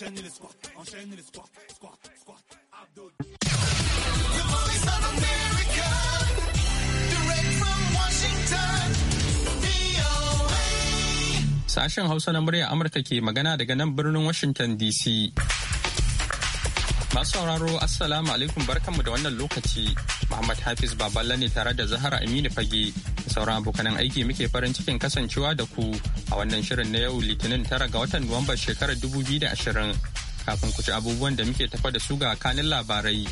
Enchaîne les squats, enchaîne les squats, squats, squats, abdos. Good morning, son America. Direct from Washington. Sashen Hausa na murya Amurka ke magana daga nan birnin Washington DC. Masu sauraro Assalamu alaikum barkanmu da wannan lokaci. Muhammad Hafiz Baballa ne tare da Zahara Aminu Fage. Sauran abokanan aiki muke farin cikin kasancewa da ku a wannan shirin na yau Litinin tara ga watan Nuwamba shekarar 2020. Kafin ku ci abubuwan da muke tafa da su ga kanin labarai.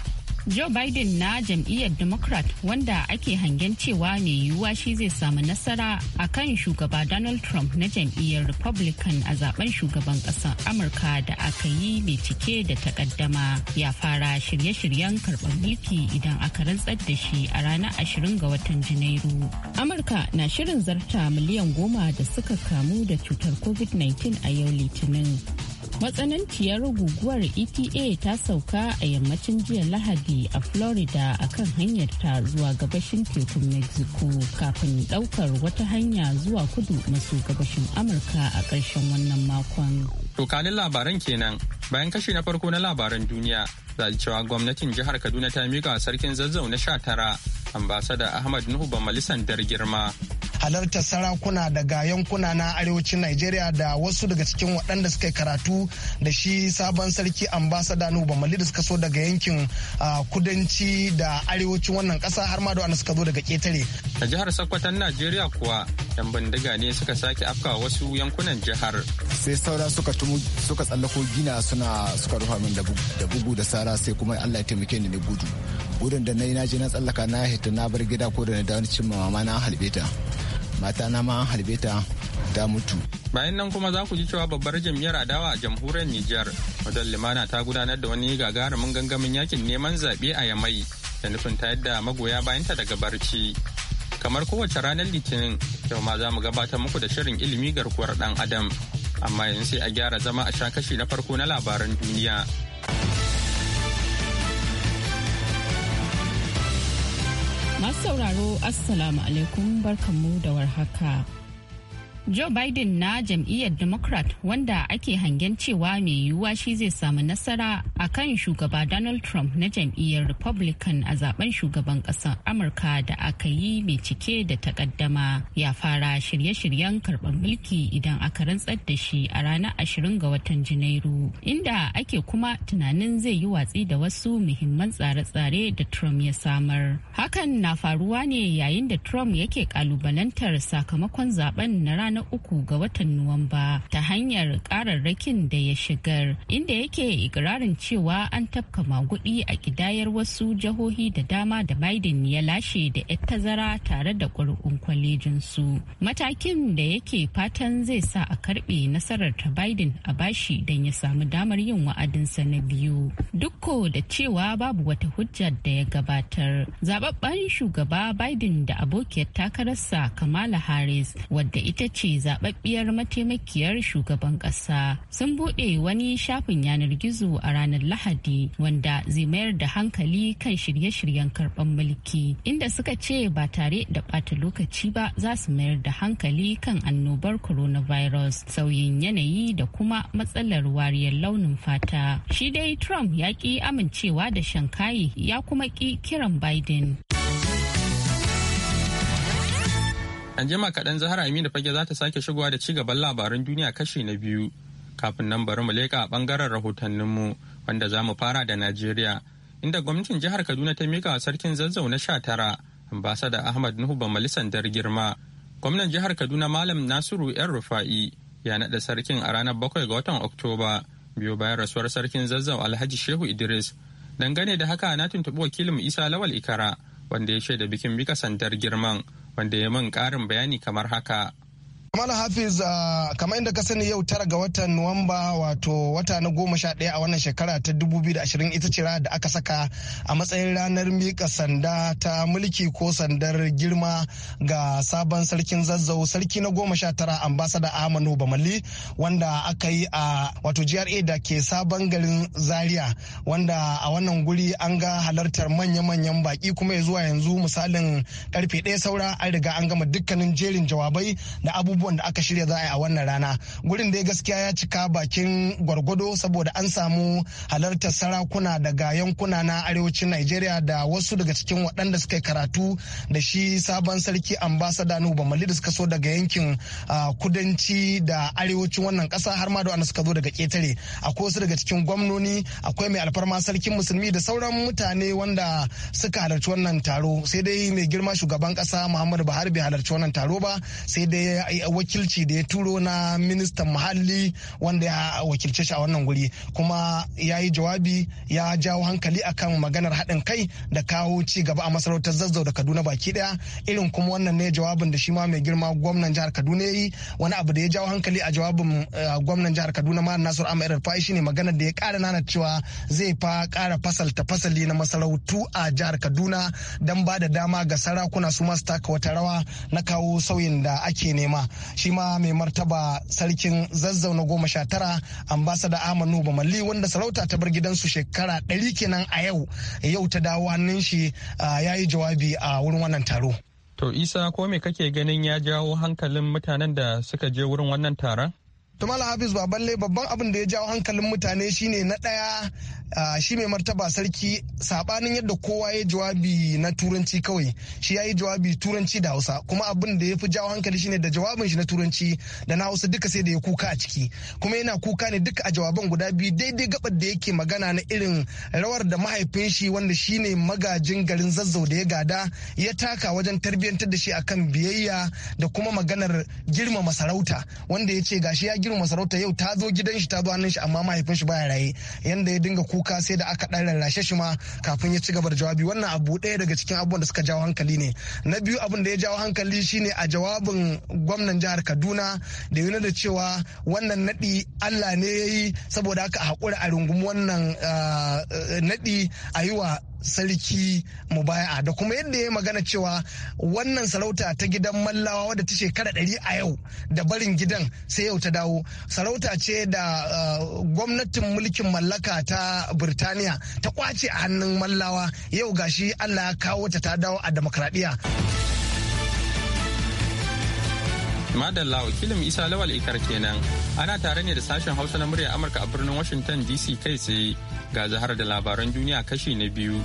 Joe Biden na jam'iyyar Democrat wanda ake hangen cewa mai yiwuwa shi zai samu nasara a kan shugaba Donald Trump na jam'iyyar Republican a zaben shugaban ƙasar Amurka da aka yi mai cike da takaddama ya fara shirye-shiryen karɓar mulki idan aka rantsar da shi a ranar 20 ga watan Janairu. Amurka na shirin zarta miliyan goma da suka kamu da cutar COVID-19 a yau Litinin. matsananciyar guguwar eta ta sauka a yammacin jiya lahadi a florida a kan hanyar ta zuwa gabashin tekun mexico kafin daukar wata hanya zuwa kudu maso gabashin amurka a ƙarshen wannan makon tokanin labaran kenan bayan kashi na farko na labaran duniya da cewa gwamnatin jihar kaduna ta miƙa sarkin zazzau na sha tara ambasada ahmad nuhu malisan dar girma halartar sarakuna daga yankuna na arewacin Najeriya da wasu daga cikin waɗanda suka karatu da shi sabon sarki ambasada Nuhu Bamali da suka so daga yankin kudanci da arewacin wannan ƙasa har ma da wanda suka zo daga ƙetare. A jihar sokoto Najeriya kuwa yan bindiga ne suka sake afka wasu yankunan jihar. Sai saura suka suka tsallako gina suna suka rufa min da bugu da sara gyara sai kuma Allah ya taimake ni na gudu gudun da na je na tsallaka na hita na bar gida ko da na dawo cin mama na halbe ta mata na ma halbe ta mutu bayan nan kuma za ku ji cewa babbar Jami'ar adawa a jamhuriyar Nijar wajen limana ta gudanar da wani gagarumin gangamin yakin neman zaɓe a Yamai da nufin ta yadda magoya bayanta daga barci kamar kowace ranar litinin yau ma za mu gabatar muku da shirin ilimi garkuwar dan adam amma yanzu sai a gyara zama a sha kashi na farko na labaran duniya Masu sauraro Assalamu alaikum barkanmu da warhaka. Joe Biden na jam'iyyar Democrat wanda ake hangen cewa mai yiwuwa shi zai samu nasara a kan shugaba Donald Trump na jam'iyyar Republican a zaben shugaban ƙasar Amurka da aka yi mai cike da takaddama ya fara shirye-shiryen karɓar mulki idan aka rantsar da shi a ranar 20 ga watan Janairu inda ake kuma tunanin zai yi watsi da wasu muhimman tsare-tsare da Trump ya samar. Hakan na faruwa ne yayin da Trump yake ƙalubalantar sakamakon zaben na ranar na uku ga watan Nuwamba ta hanyar kararrakin da ya shigar inda yake ikirarin cewa an tafka magudi a kidayar wasu jihohi da dama da Biden ya lashe da 'yar tazara tare da ƙuri'un kwalejinsu. Matakin da yake fatan zai sa a karɓe nasarar ta Biden a bashi don ya samu damar yin wa'adinsa na biyu. Dukko da cewa babu wata hujja da ya gabatar. Zababban shugaba Biden da abokiyar takararsa Kamala Harris wadda ita ce ce zababbiyar mataimakiyar shugaban ƙasa sun buɗe wani shafin yanar gizo a ranar Lahadi wanda zai mayar da hankali kan shirye-shiryen karɓar mulki inda suka ce ba tare da ɓata lokaci ba za su mayar da hankali kan annobar coronavirus sauyin yanayi da kuma matsalar wariyar launin fata. Shi dai Trump ya ƙi amincewa da shankayi ya kuma ƙi kiran Biden An jima kaɗan Zahra Aminu Fage za ta sake shigowa da cigaban labaran duniya kashi na biyu. Kafin nan bari mu leƙa ɓangaren rahotanninmu wanda za mu fara da Najeriya. Inda gwamnatin jihar Kaduna ta mika wa sarkin zazzau na sha tara, da Ahmad Nuhu Bamali sandar girma. Gwamnan jihar Kaduna Malam Nasiru ‘yan Rufa'i ya naɗa sarkin a ranar bakwai ga watan Oktoba biyo bayan rasuwar sarkin zazzau Alhaji Shehu Idris. Dangane da haka na tuntuɓi wakilin Isa Lawal Ikara wanda ya shaida bikin mika sandar girman. wanda ya min ƙarin bayani kamar haka. Mala Hafiz uh, kamar inda ka sani yau tara ga watan Nuwamba wato wata na goma sha ɗaya a wannan shekara ta 2020 ita ce da aka saka a matsayin ranar mika sanda ta mulki ko sandar girma ga sabon sarkin zazzau sarki na goma sha tara ambasada amanu Bamali wanda aka yi a wato GRA da ke sabon garin Zaria wanda a wannan guri an ga halartar manya-manyan baki kuma ya zuwa yanzu misalin karfe ɗaya saura an riga an gama dukkanin jerin jawabai da abubuwa abubuwan da aka shirya za a yi a wannan rana gurin dai gaskiya ya cika bakin gwargwado saboda an samu halartar sarakuna daga yankuna na arewacin Najeriya da wasu daga cikin waɗanda suka karatu da shi sabon sarki ambasada Nuba Mali da suka so daga yankin kudanci da arewacin wannan ƙasa har ma da wanda suka zo daga ƙetare akwai wasu daga cikin gwamnoni akwai mai alfarma sarkin musulmi da sauran mutane wanda suka halarci wannan taro sai dai mai girma shugaban ƙasa Muhammadu Buhari bai halarci wannan taro ba sai dai wakilci da ya turo na ministan muhalli wanda ya wakilce shi a wannan guri kuma ya yi jawabi ya jawo hankali akan maganar haɗin kai da kawo ci gaba a masarautar zazzau da kaduna baki ɗaya irin kuma wannan ne jawabin da shi ma mai girma gwamnan jihar kaduna ya yi wani abu da ya jawo hankali a jawabin eh, gwamnan jihar kaduna ma nasur amir rufai shine maganar da ya kara nana cewa zai fa ƙara fasalta fasali na masarautu a jihar kaduna don ba da dama ga sarakuna su masu taka wata rawa na kawo sauyin da ake nema shi ma mai martaba sarkin zazzau na goma sha tara ambasada amanu bamalli wanda sarauta ta bar gidansu shekara ɗari kenan a yau yau ta dawo hannun shi ya yi jawabi a wurin wannan taro to isa ko me kake ganin ya jawo hankalin mutanen da suka je wurin wannan taron Tumala Hafiz Baballe babban abin da ya jawo hankalin mutane shine na ɗaya shi mai martaba sarki sabanin yadda kowa ya jawabi na turanci kawai shi ya yi jawabi turanci da hausa kuma abin da ya fi jawo hankali shine da jawabin shi na turanci da na hausa duka sai da ya kuka a ciki kuma yana kuka ne duka a jawaban guda biyu daidai gabar da yake magana na irin rawar da mahaifin shi wanda shine magajin garin zazzau da ya gada ya taka wajen tarbiyyantar da shi akan biyayya da kuma maganar girmama sarauta wanda ya ce gashi ya girma sarauta yau ta zo gidan shi ta zo hannun shi amma mahaifin shi baya raye yanda ya dinga kuka sai da aka dan rarrashe shi ma kafin ya ci gaba da jawabi wannan abu ɗaya daga cikin abubuwan da suka jawo hankali ne na biyu abin da ya jawo hankali shine a jawabin gwamnan jihar kaduna da yana da cewa wannan naɗi allah ne ya yi saboda aka haƙura a rungumi wannan ah, eh, naɗi a yi wa sarki mubaya'a da kuma yadda ya magana cewa wannan sarauta ta gidan mallawa wadda ta shekara ɗari a yau da barin gidan sai yau ta dawo sarauta ce da uh, gwamnatin mulkin mallaka ta birtaniya ta kwace a hannun mallawa yau gashi allah ya kawo ta ta dawo a demokradiyya. Madalla wakilin Isa Lawal Ikar kenan. Ana tare ne da sashen Hausa na murya Amurka a birnin Washington DC kai tsaye ga zahar da labaran duniya kashi na biyu.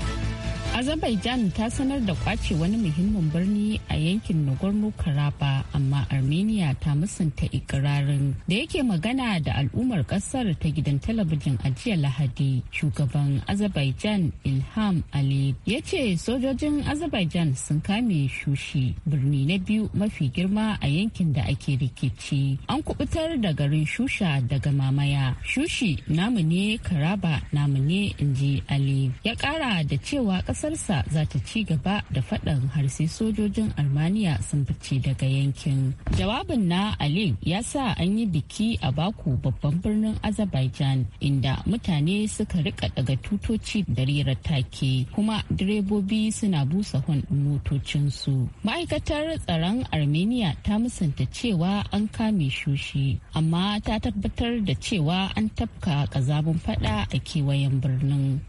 azerbaijan ta sanar da kwace wani muhimmin birni a yankin nagorno-karaba amma armenia ta musanta ikirarin da yake magana da al'ummar kasar ta gidan talabijin a jiya lahadi shugaban azerbaijan ilham ali ya ce sojojin azerbaijan sun kame shushi birni na biyu mafi girma a yankin da ake rikici an kubutar da garin shusha daga mamaya shushi namu ne karaba namu ne inji ali ya kara da cewa kasarsa za ta ci gaba da faɗan har sai sojojin Armenia sun fice daga yankin. Jawabin na ali ya sa an yi biki a Baku babban birnin Azerbaijan inda mutane suka rika daga tutoci da rera take kuma direbobi suna busa hon motocinsu. Ma'aikatar tsaron Armenia ta musanta cewa an kame shushi amma ta tabbatar da cewa an tafka kazamin fada a kewayen birnin.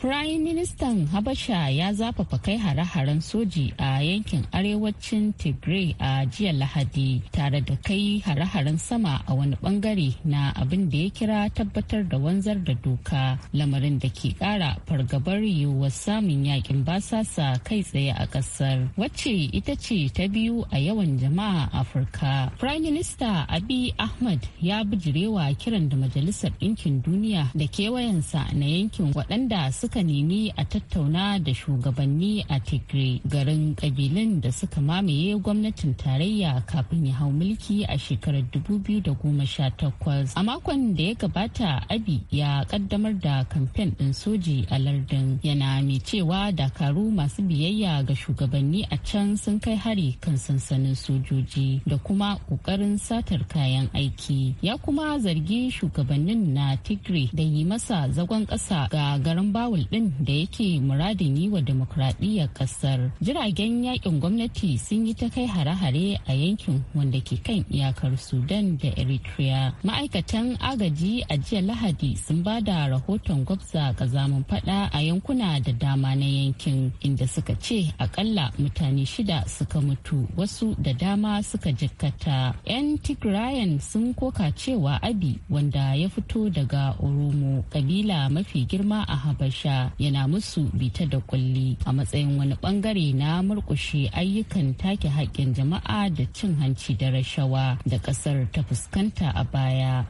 Prime Ministan Habasha ya zafafa kai hare-haren soji a yankin arewacin Tigray a jiya Lahadi tare da kai hare-haren sama a wani bangare na abin da ya kira tabbatar da wanzar da doka lamarin da ke kara fargabar yiwuwar samun yakin basasa kai tsaye a kasar wacce ita ce ta biyu a yawan jama'a Afirka. Prime Minister Abiy Ahmad ya bijirewa kiran da Majalisar Ɗinkin Duniya da kewayensa na yankin waɗanda suka suka nemi a tattauna da shugabanni a tigray garin ƙabilun da suka mamaye gwamnatin tarayya kafin ya hau mulki a shekarar 2018 a makon da ya gabata abi ya kaddamar da kamfen ɗin soji a lardin yana mai cewa dakaru masu biyayya ga shugabanni a can sun kai hari kan sansanin sojoji da kuma ƙoƙarin satar kayan aiki ya kuma zargi shugabannin na tigray da yi masa zagon ƙasa ga garin bawul seoul din da yake muradin yi wa demokradiyyar kasar jiragen yakin gwamnati sun yi ta kai hare-hare a yankin wanda ke kan iyakar sudan da eritrea ma'aikatan agaji a jiya lahadi sun ba da rahoton gwabza kazamin fada a yankuna da dama na yankin inda suka ce akalla mutane shida suka mutu wasu da dama suka jikkata 'yan tigrayan sun koka cewa abi wanda ya fito daga oromo kabila mafi girma a habasha ta yana musu bita da kulli a matsayin wani bangare na murkushe ayyukan take haƙƙin jama'a da cin hanci da rashawa da ƙasar ta fuskanta a baya.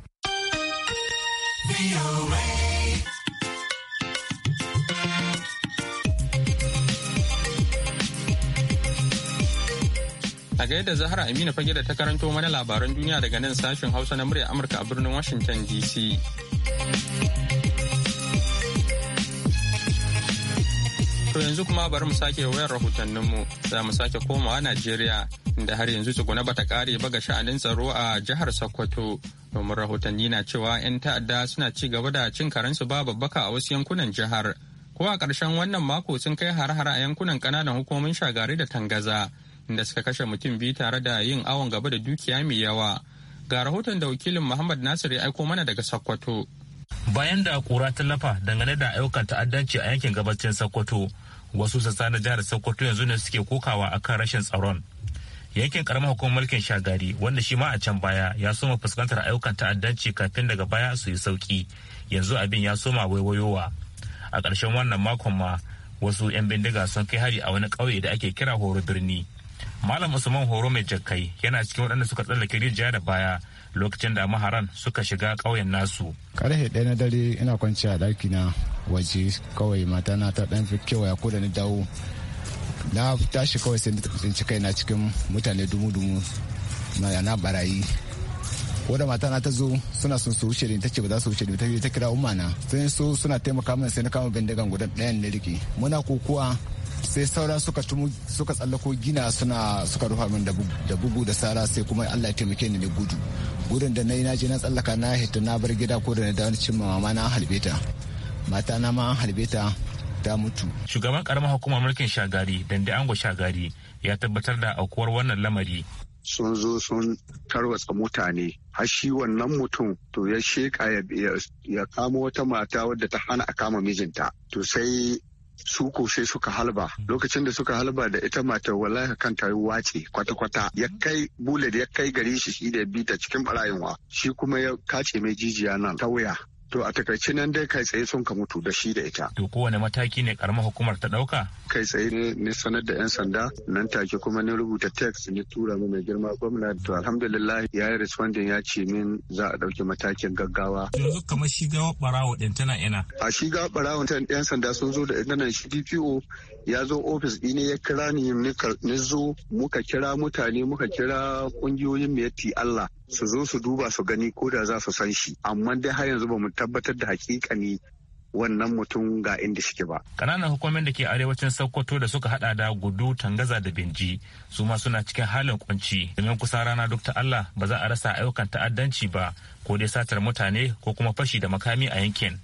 A gaida Zahra Aminu fage da ta karanto mana labaran duniya daga nan sashen Hausa na murya Amurka a birnin Washington DC. To yanzu kuma bari mu sake wayar rahotanninmu za mu sake komawa Najeriya inda har yanzu tsuguna bata kare ba ga sha'anin tsaro a jihar Sokoto domin rahotanni na cewa 'yan ta'adda suna ci gaba da cin karensu ba babbaka a wasu yankunan jihar. Ko a ƙarshen wannan mako sun kai har-har a yankunan ƙananan hukumomin shagari da tangaza inda suka kashe mutum biyu tare da yin awon gaba da dukiya mai yawa. Ga rahoton da wakilin Muhammad Nasiru ya aiko mana daga Sokoto. bayan da kura ta lafa dangane da ayyukan ta'addanci a yankin gabacin sokoto wasu sassa na jihar sokoto yanzu ne suke kokawa akan rashin tsaron yankin karamar hukumar mulkin shagari wanda shi ma a can baya ya soma fuskantar ayyukan ta'addanci kafin daga baya su yi sauki yanzu abin ya soma waiwayowa a ƙarshen wannan makon ma wasu 'yan bindiga sun kai hari a wani ƙauye da ake kira horo birni malam usman horo mai jakkai yana cikin waɗanda suka tsallake rijiya da baya lokacin da maharan suka shiga ƙauyen nasu. Karfe ɗaya na dare ina kwanci a ɗaki na waje kawai mata na ta ɗan kewaya ko da ni dawo. Na tashi kawai sai na tsinci kaina cikin mutane dumu-dumu na barayi. wadda mata na ta zo suna sun su wuce ta ce ba za su wuce ta kira umma na sai so suna taimaka min sai na kama bindigan guda ɗayan na rike muna kokuwa sai saura suka suka tsallako gina suna suka rufa min da bugu da sara sai kuma Allah ya taimake ni ne gudu gudun da nayi naje na tsallaka na hita na bar gida ko da na dawo cin mama na halbe ta mata na ma halbe ta mutu shugaban karamar hukumar mulkin shagari dande ango shagari ya tabbatar da aukuwar wannan lamari sun zo sun tarwatsa mutane har shi wannan mutum to ya sheka ya kama wata mata wadda ta hana a kama mijinta to sai su ko sai suka halba lokacin da suka halba da ita matar wallahi ta wace kwata-kwata ya kai bullet ya kai gari shi shi da ta cikin barayinwa. shi kuma ya kace mai jijiya nan ta wuya to a takaice nan dai kai tsaye sun ka mutu da shi da ita to kowane mataki ne karamar hukumar ta dauka kai tsaye ne ne sanar da yan sanda nan take kuma ne rubuta text ne tura mu mai girma gwamna to alhamdulillah ya yi responding ya ce min za a dauki matakin gaggawa yanzu kamar shi gawa barawo din tana ina a shi gawa barawo din yan sanda sun zo da ita nan shi DPO ya zo ofis din ya kira ni ni zo muka kira mutane muka kira kungiyoyin mai Allah su zo su duba su gani ko da za su san shi amma dai har yanzu ba mu tabbatar da hakikani wannan mutum ga inda suke ba. Kananan hukumomin da ke arewacin Sokoto da suka hada da gudu, tangaza da binji su ma suna cikin halin kunci domin kusa rana duk ta Allah ba za a rasa ayyukan ta'addanci ba ko dai satar mutane ko kuma fashi da makami a yankin.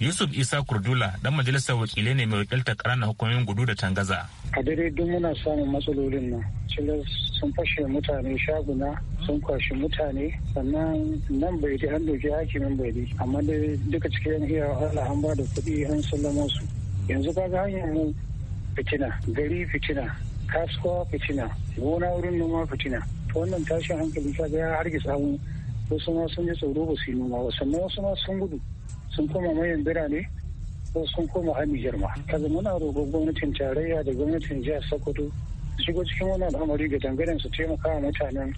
Yusuf Isa Kurdula dan majalisar wakilai ne mai wakiltar ƙananan hukumomin gudu da Tangaza. A dare duk muna samun matsalolin nan. Cilas sun fashe mutane shaguna sun kwashi mutane sannan nan bai ji an doki hakimin bai ji amma dai duka cikin iya wahala an ba da kuɗi an sallama su. Yanzu kaga hanyar mu fitina gari fitina kasuwa fitina gona wurin noma fitina. To wannan tashin hankali ga ya hargitsa mu wasu ma sun yi tsoro ba su yi noma ba sannan wasu ma sun gudu. sun koma mayan birane ko sun koma hannun girma ma. Kaza muna roƙon gwamnatin tarayya da gwamnatin jihar Sokoto su shigo cikin wani al'amari ga dangaren su taimaka wa mutanen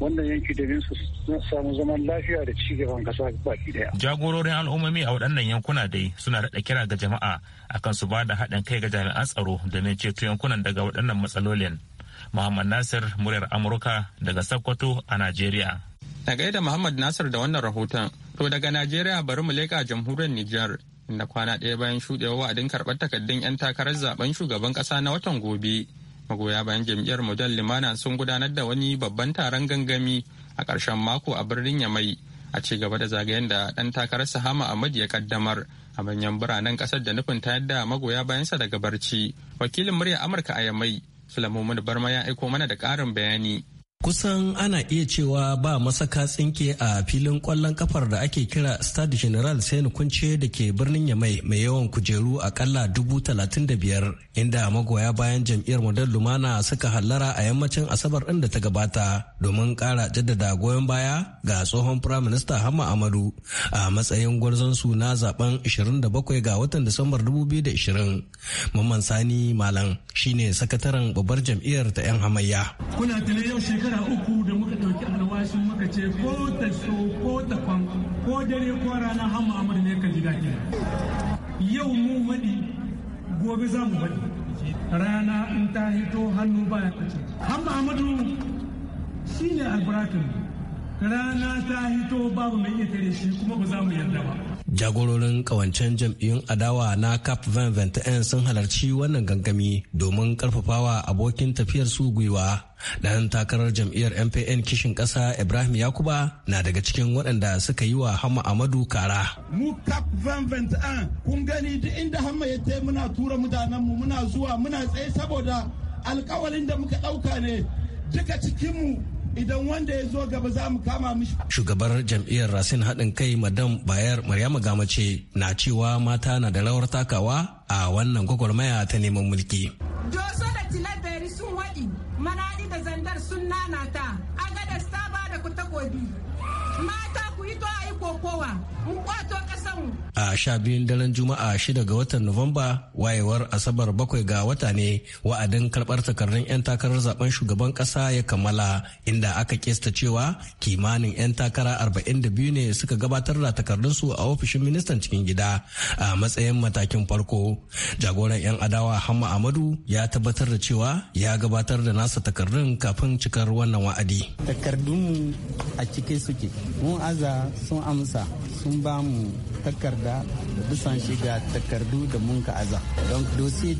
wannan yanki domin su samu zaman lafiya da ci gaban kasa baki daya. Jagororin al'ummomi a waɗannan yankuna dai suna daɗa kira ga jama'a akan su ba da haɗin kai ga jami'an tsaro domin ceto yankunan daga waɗannan matsalolin. Muhammad Nasir muryar Amurka daga Sokoto a Najeriya. Na gaida Muhammad Nasir da wannan rahoton To daga Najeriya bari mu leƙa jamhuriyar Nijar inda kwana ɗaya bayan shuɗewa wa'adin karɓar takardun 'yan takarar zaben shugaban ƙasa na watan gobe. Magoya bayan jam'iyyar Mujal Limana sun gudanar da wani babban taron gangami a ƙarshen mako a birnin Yamai a ci gaba da zagayen da ɗan takarar Sahama Ahmad ya kaddamar a manyan biranen ƙasar da nufin tayar da magoya bayansa daga barci. Wakilin murya Amurka a Yamai Sulaimu Barma ya aiko mana da ƙarin bayani. Kusan ana iya cewa ba masaka tsinke a filin kwallon kafar da ake kira Stade General Sani Kunce da ke birnin Yamai mai yawan kujeru akalla dubu talatin da biyar inda magoya bayan jam'iyyar Model Lumana suka hallara a yammacin Asabar ɗin da ta gabata. domin ƙara jaddada goyon baya ga tsohon firaminista Hamma Amadu a matsayin su na zaben 27 ga watan Disambar 2020. Mamman Sani Malam shine sakataren babbar jam'iyyar ta 'yan hamayya. Kuna tuni yau shekara uku da muka ɗauki alwashin muka ce ko ta so ko ta kwan ko dare ko rana Hamma Amadu ne ka ji daɗi. Yau mu maɗi gobe za mu maɗi. Rana in ta hito hannu baya kace. Hamma Amadu shi ne albarkar rana ta hito babu mai iya tare shi kuma ba za mu yarda ba jagororin kawancen jam'iyyun adawa na cap 2021 sun halarci wannan gangami domin karfafawa abokin tafiyar su gwiwa dan takarar jam'iyyar mpn kishin kasa ibrahim yakuba na daga cikin waɗanda suka yi wa hama amadu kara mu cap 2021 kun gani duk inda hama ya ce muna tura mu muna zuwa muna tsaye saboda alkawalin da muka ɗauka ne duka cikinmu idan wanda ya zo gaba za mu kama mishi. Shugabar jam'iyyar Rasin haɗin kai madam Bayar Maryama Gamace na cewa mata na da rawar takawa a wannan gwagwarmaya ta neman mulki. Doso da Tilaberi sun waɗi, manaɗi da zandar sun nanata, agadas ta ba da kuta gobi. Mata ku yi to a yi kokowa, mu kwato a sha biyun daren juma'a shida ga watan nuwamba wayewar asabar bakwai ga wata ne wa'adin karɓar takardun 'yan takarar zaben shugaban ƙasa ya kammala inda aka kesta cewa kimanin 'yan takara 42 ne suka gabatar da takardunsu a ofishin ministan cikin gida a matsayin matakin farko jagoran 'yan adawa hamma amadu ya tabbatar da cewa ya gabatar da nasa takardun kafin cikar wannan wa'adi takardunmu a cike suke mun aza sun amsa sun ba mu takarda da da bisan shi ga takardu da mun ka aza don dosi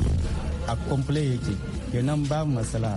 a komple yake kenan babu matsala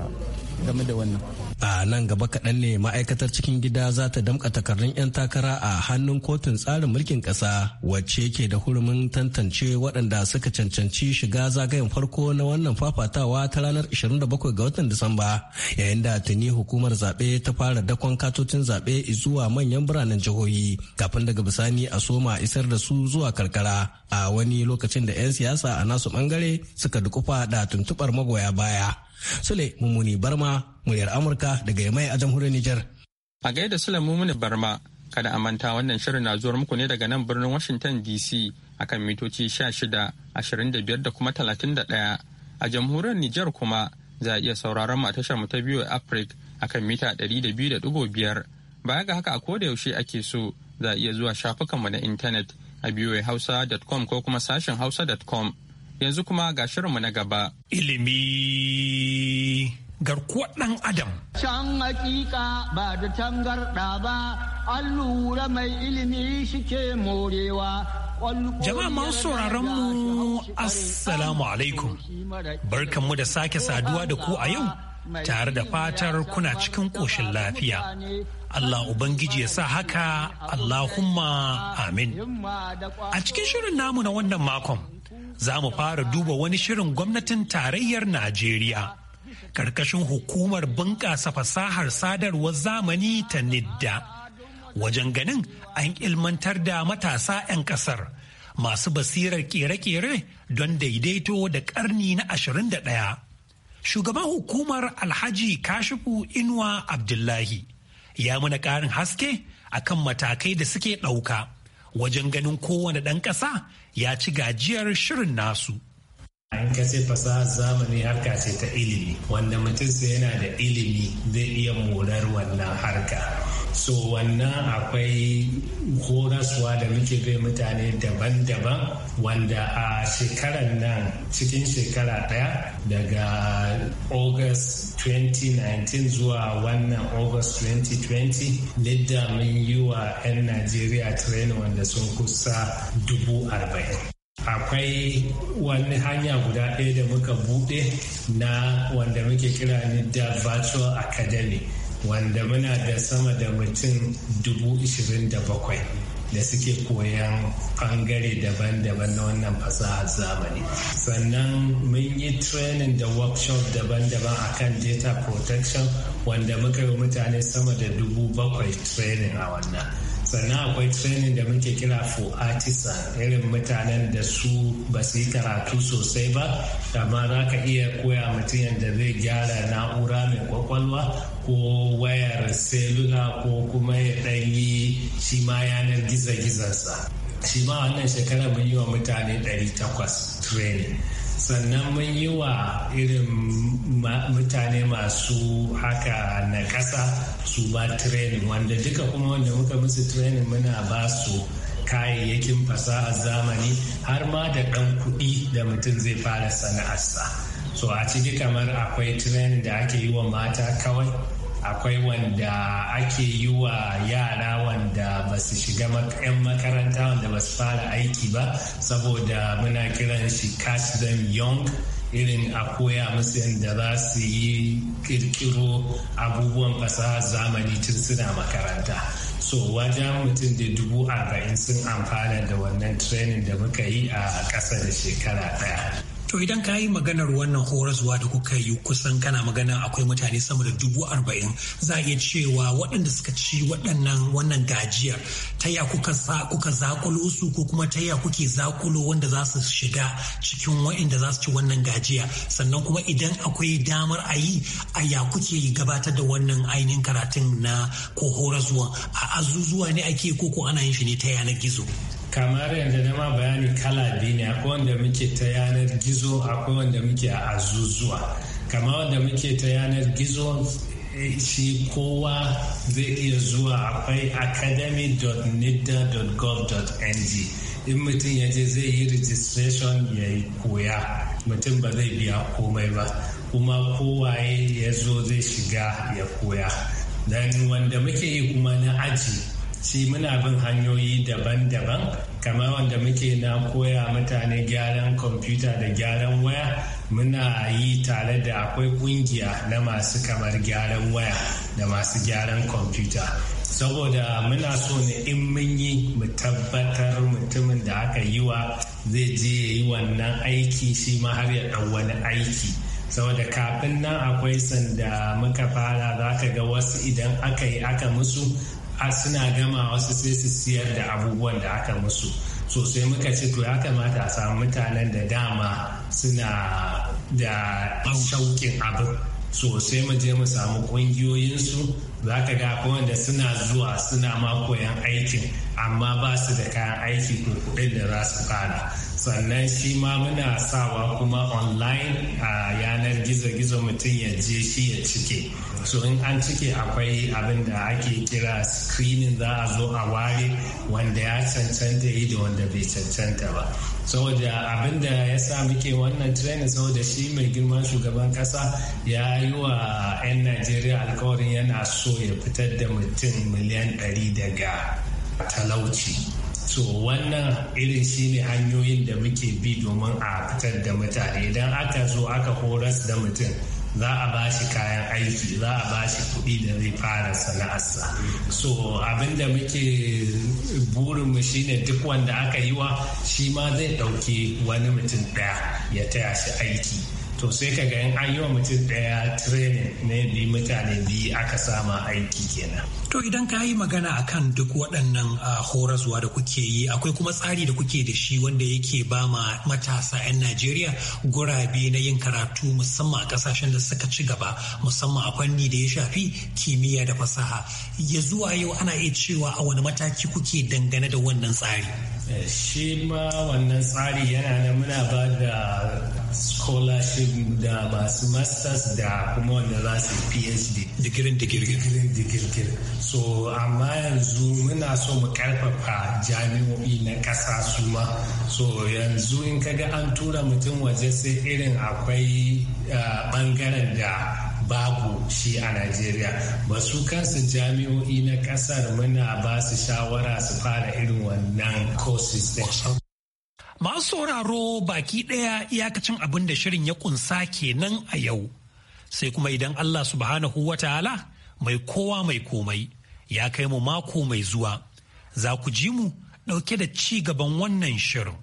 game da wannan. A nan gaba kaɗan ne ma'aikatar cikin gida za ta damƙa takardun 'yan takara a hannun kotun tsarin mulkin ƙasa wacce ke da hurumin tantance waɗanda suka cancanci shiga zagayen farko na wannan fafatawa ta ranar 27 ga watan Disamba yayin da tuni hukumar zaɓe ta fara dakon katocin zaɓe zuwa manyan biranen jihohi kafin daga bisani a soma isar da su zuwa karkara a wani lokacin da 'yan siyasa a nasu ɓangare suka dukufa da tuntuɓar magoya baya. Sule Mumuni Barma, muryar Amurka daga Yamai a jamhuriyar Nijar. A gaida Sule Mumuni Barma, kada a manta wannan shirin na zuwar muku ne daga nan birnin Washington DC akan mitoci 16, 25 da kuma 31. A jamhuriyar Nijar kuma za a iya sauraron mu a tashar mu ta biyu Africa akan mita 200.5. Baya ga haka a koda yaushe ake so za a iya zuwa shafukanmu na intanet a biyoyihausa.com ko kuma sashen hausa.com Yanzu kuma ga shirinmu na gaba. Ilimi garkuwa ɗan Adam. Can hakika ba da tangarɗa ba, an lura mai ilimi shike morewa. Jama'a masu sauraron mu Assalamu alaikum. Barkanmu da sake saduwa da ku a yau. Tare da fatar kuna cikin ƙoshin lafiya. Allah Ubangiji ya sa haka Allahumma amin. A cikin shirin namu na wannan makon, za mu fara duba wani shirin gwamnatin tarayyar Najeriya. Karkashin hukumar bunƙasa fasahar sadarwar zamani ta NIDDA. Wajen ganin an ilmantar da matasa 'yan ƙasar masu basirar ƙere-ƙere don daidaito da ƙarni na ashirin da ɗaya. Shugaban hukumar Alhaji Kashifu Inuwa Abdullahi ya muna ƙarin haske akan matakai da suke ɗauka. wajen ganin kowane ɗan ƙasa ya ci gajiyar shirin nasu. in ka ce fasahar zamani harka ce ta ilimi wanda mutum sai yana da ilimi zai iya morar wannan harka so wannan akwai horaswa da muke bai mutane daban-daban wanda a shekarar nan cikin shekara daya daga august 2019 zuwa wannan august 2020 lidda mun yi wa 'yan najeriya training wanda sun kusa dubu arba'in akwai wani hanya guda ɗaya da muka buɗe na wanda muke kira ni da virtual academy wanda muna da sama da mutum dubu da suke koyan bangare daban-daban na wannan fasaha zamani sannan mun yi training da workshop daban-daban a kan data protection wanda muka yi mutane sama da dubu bakwai training a wannan sannan akwai training da muke kira for artisan irin mutanen da su ba su yi karatu sosai ba amma za ka iya koya mutum yadda zai gyara na'ura mai kwakwalwa ko wayar selula ko kuma ya yi shi ma yanar gizo-gizonsa shi ma wannan shekara mun yi wa mutane 800 training sannan mun yi wa irin mutane masu haka na ƙasa su ba training wanda duka kuma wanda muka musu training muna ba su kayayyakin fasaha zamani har ma da ɗan kuɗi da mutum zai fara sana'arsa so a ciki kamar akwai training da ake yi wa mata kawai akwai wanda ake yi wa yara wanda ba su shiga 'yan makaranta wanda ba su fara aiki ba saboda muna kiran shi catch them young irin a koya musu yadda za su yi kirkiro abubuwan fasaha zamani tun suna makaranta so wajen mutum da dubu arba'in sun amfana da wannan training da muka yi a ƙasa da shekara ɗaya To idan ka yi maganar wannan horaswa da kuka yi kusan kana magana akwai mutane sama da dubu arba'in za a iya cewa waɗanda suka ci waɗannan wannan gajiyar ta ya kuka zakulo su ko kuma ta ya kuke zakulo wanda za su shiga cikin waɗanda za su ci wannan gajiya sannan kuma idan akwai damar a yi a ya kuke gabatar da wannan ainihin karatun na ko horaswa a azuzuwa ne ake ko koko ana yin shi ne ta yanar gizo. kamar yanzu na ma bayani kala biyu ne akwai wanda muke ta yanar gizo akwai wanda muke a azuzuwa kama wanda muke ta yanar gizo shi kowa zai iya zuwa akwai academy.nida.gov.ng in mutum ya je zai yi registration ya yi koya mutum ba zai biya komai ba kuma kowaye ya zo zai shiga ya koya dan wanda muke yi kuma na aji si muna bin hanyoyi daban-daban kamar wanda muke na koya mutane gyaran kwamfuta da gyaran waya muna yi tare da akwai kungiya na masu kamar gyaran waya da masu gyaran kwamfuta saboda muna so ne in mun yi mu tabbatar mutumin da aka yi wa zai je ya yi wannan aiki shi ma har ya ɗan wani aiki saboda kafin nan akwai sanda muka fara za ka ga wasu idan aka yi aka musu a suna gama wasu sai su siyar da abubuwan da aka musu sosai muka ce to ya kamata a samu mutanen da dama suna da shauƙin abin so sai mu je mu samu ƙungiyoyinsu za ka ga wanda suna zuwa suna ma koyan aikin amma ba su da kayan aiki ko kuɗin da za su kara sannan shi ma muna sawa kuma online a yanar gizo-gizo mutum ya je shi ya cike so in an cike akwai abin da ake kira screening za a zo a ware wanda ya cancanta yi da wanda bai cancanta ba saboda abin da ya sa muke wannan training saboda shi mai girman shugaban kasa ya yi wa 'yan najeriya alkawarin yana so ya fitar da mutum miliyan ɗari daga talauci so wannan irin shi ne hanyoyin da muke bi domin a fitar da mutane idan aka zo aka horas da mutum za a ba shi kayan aiki za a ba shi kuɗi da zai fara sana'arsa so abinda muke burinmu shine duk wanda aka yi wa shi ma zai ɗauki wani mutum ɗaya ya taya shi aiki to sai ka ga an yi wa mutum daya training na yadda mutane biyu aka sama aiki kenan to idan ka yi magana akan duk waɗannan horaswa da kuke yi akwai kuma tsari da kuke da shi wanda yake ba ma matasa 'yan najeriya gurabe na yin karatu musamman a ƙasashen da suka ci gaba musamman a fanni da ya shafi kimiyya da fasaha ya zuwa yau ana iya cewa a wani mataki kuke dangane da wannan tsari Eh, shi ma wannan tsari yana nan muna ba da scholarship da masu masters da kuma wanda za su phd digirin digirgir digirgir so amma yanzu muna so mu karfafa jami'o'i na ƙasa su ma so yanzu in kaga an tura mutum waje sai irin akwai bangaren eh, da babu shi a Najeriya ba su kansu jami'o'i na kasar muna ba su shawara su fara irin wannan courses Masu sauraro baki ɗaya iyakacin abin da shirin ya kunsa kenan a yau. Sai kuma idan Allah subhanahu wa ta'ala mai kowa mai komai ya kai mu mako mai zuwa. Za ku ji mu ɗauke da ci gaban wannan shirin.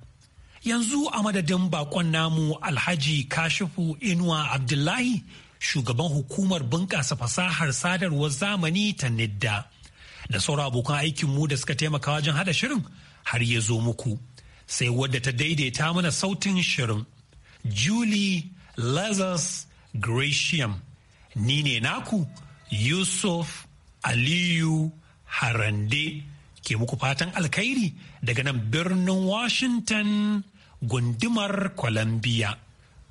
Yanzu a madadin bakon namu Alhaji Kashifu Inuwa Abdullahi shugaban hukumar bunƙasa fasahar sadarwar zamani ta nidda da sauran abokan aikinmu da suka taimaka wajen hada shirin har ya zo muku sai wadda ta daidaita mana sautin shirin julie lazarus gratium ni ne naku yusuf aliyu harande ke muku fatan alkhairi daga nan birnin washington gundumar columbia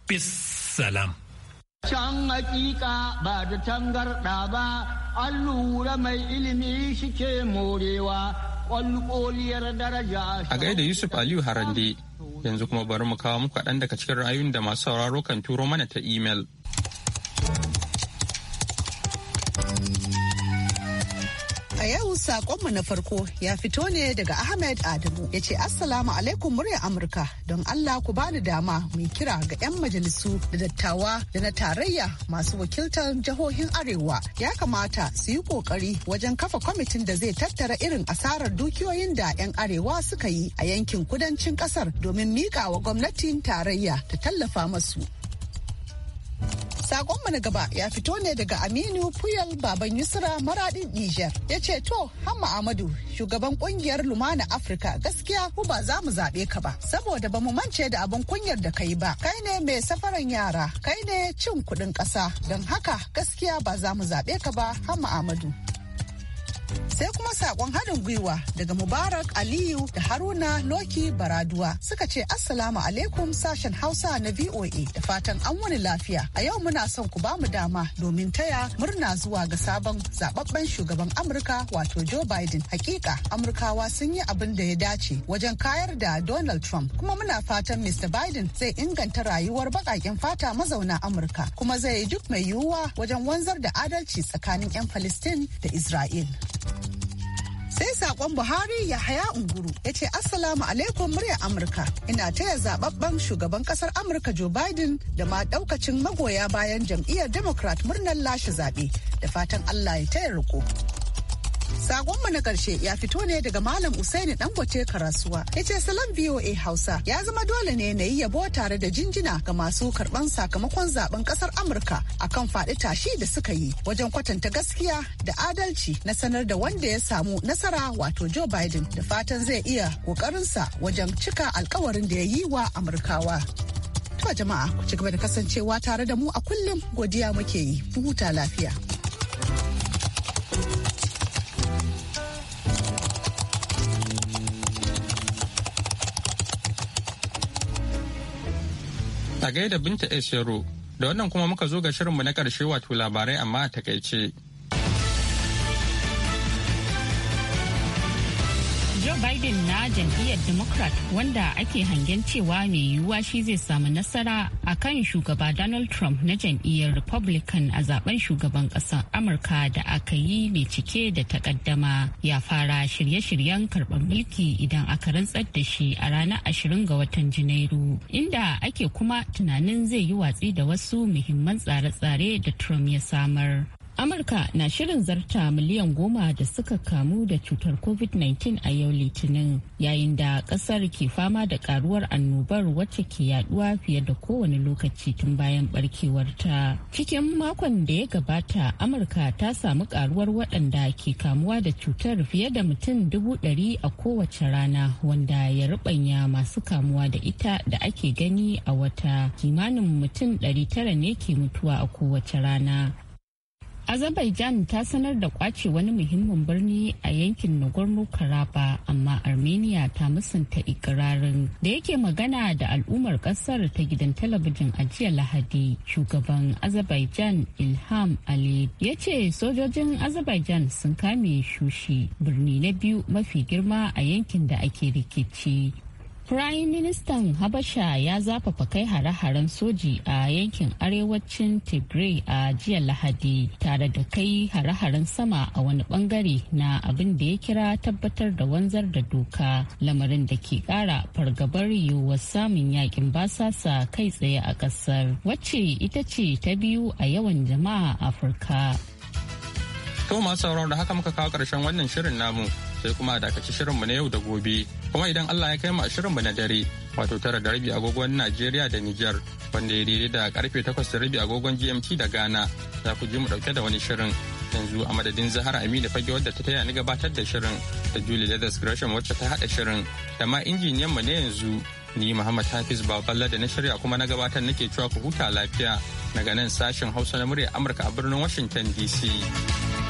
peace salam Can hakika ba da tangarɗa ba, an lura mai ilimi shike morewa, ƙwalƙoliyar daraja. A gaida Yusuf Aliyu Harande, yanzu kuma bari mu kawo muku kaɗan daga cikin ra'ayoyin da masu sauraro kan turo mana ta imel. yau sakonmu na farko ya fito ne daga Ahmed Adamu ya ce Assalamu alaikum murya Amurka don Allah ku bani dama mai kira ga 'yan majalisu da dattawa da na tarayya masu wakiltar jihohin Arewa ya kamata su yi kokari wajen kafa kwamitin da zai tattara irin asarar dukiyoyin da 'yan Arewa suka yi a yankin kudancin kasar domin miƙawa wa gwamnatin tarayya ta tallafa masu. Sakonmu na gaba ya fito ne daga Aminu Puyal Baban Yusra Maradin Nijar. Ya ce to Hamma Amadu shugaban kungiyar Lumana Afirka gaskiya ku ba za mu zaɓe ka ba saboda ba mu mance da abin kunyar da ka yi ba. Kai ne mai safaran yara, kai ne cin kuɗin ƙasa. Don haka gaskiya ba za mu zaɓe ka ba Hamma Amadu. sai kuma sakon haɗin gwiwa daga mubarak aliyu da haruna loki baraduwa suka ce assalamu alaikum sashen hausa na voa da fatan an wani lafiya a yau muna son ku bamu dama domin taya murna zuwa ga sabon zababben shugaban amurka wato joe biden hakika amurkawa sun yi abin da ya dace wajen kayar da donald trump kuma muna fatan mr biden zai inganta rayuwar baƙaƙen fata mazauna amurka kuma zai yi duk mai yiwuwa wajen wanzar da adalci tsakanin 'yan palestine da israel sai sakon buhari ya haya unguru ya ce assalamu alaikum murya amurka ina taya zababben shugaban kasar amurka joe biden da ma daukacin magoya bayan jam'iyyar democrat murnar lashe zaɓe da fatan allah ya taya riko sagon Sakonmu na ƙarshe ya fito ne daga Malam Usaini Dangote Karasuwa. Ya ce salon boa Hausa ya zama dole ne na yi yabo tare da jinjina ga masu karɓan sakamakon zaben ƙasar Amurka a kan faɗi tashi da suka yi wajen kwatanta gaskiya da adalci na sanar da wanda ya samu nasara wato Joe Biden da fatan zai iya ƙoƙarinsa wajen cika alkawarin da ya yi wa Amurkawa. To jama'a ku ci gaba da kasancewa tare da mu a kullum godiya muke yi. mu Huta lafiya. gaida Binta Esero da wannan kuma muka zo ga shirinmu na ƙarshe wato labarai amma a takaice. Biden na jam'iyyar Democrat wanda ake hangen cewa mai yiwuwa shi zai samu nasara a kan shugaba Donald Trump na jam'iyyar Republican a zaben shugaban ƙasar Amurka da aka yi mai cike da takaddama ya fara shirye-shiryen karɓar mulki idan aka rantsar da shi a ranar 20 ga watan Janairu inda ake kuma tunanin zai yi watsi da wasu muhimman tsare-tsare da Trump ya samar. amurka na shirin zarta miliyan goma da suka kamu da cutar covid-19 a yau litinin yayin da kasar ke fama da karuwar annobar wacce ke yaduwa fiye da kowane lokaci tun bayan barkewarta cikin makon da ya gabata amurka ta samu karuwar waɗanda ke kamuwa da cutar fiye da mutum dubu ɗari a kowace rana wanda ya rubanya masu kamuwa da ita da ake gani a wata kimanin mutum ɗari tara ne ke mutuwa a kowace rana azerbaijan ta sanar da kwace wani muhimmin birni a yankin nagorno karaba amma armenia ta musanta ikirarin da yake magana da al'ummar kasar ta gidan talabijin a jiya lahadi shugaban azerbaijan ilham ali ya ce sojojin azerbaijan sun kame shushi birni na biyu mafi girma a yankin da ake rikici Prime Ministan Habasha ya zafafa kai hare-haren soji a yankin arewacin Tigray a jiya Lahadi tare da kai hare-haren sama a wani bangare na abin da ya kira tabbatar da wanzar da doka lamarin da ke kara fargabar yiwuwar samun yakin basasa kai tsaye a kasar wacce ita ce ta biyu a yawan jama'a Afirka. To masu sauraro da haka muka kawo karshen wannan shirin namu sai kuma dakaci shirinmu na yau da gobe kuma idan Allah ya kai mu shirinmu na dare wato tara da rabi agogon Najeriya da Niger wanda ya daidai da karfe takwas da rabi agogon GMT da Ghana za ku ji mu dauke da wani shirin yanzu a madadin Zahara Aminu Fage wadda ta taya ni gabatar da shirin da Julie da Gresham wacce ta haɗa shirin da ma injiniyan mu na yanzu ni Muhammad Hafiz Baballa da na shirya kuma na gabatar nake cewa ku huta lafiya daga nan sashen Hausa na murya Amurka a birnin Washington DC.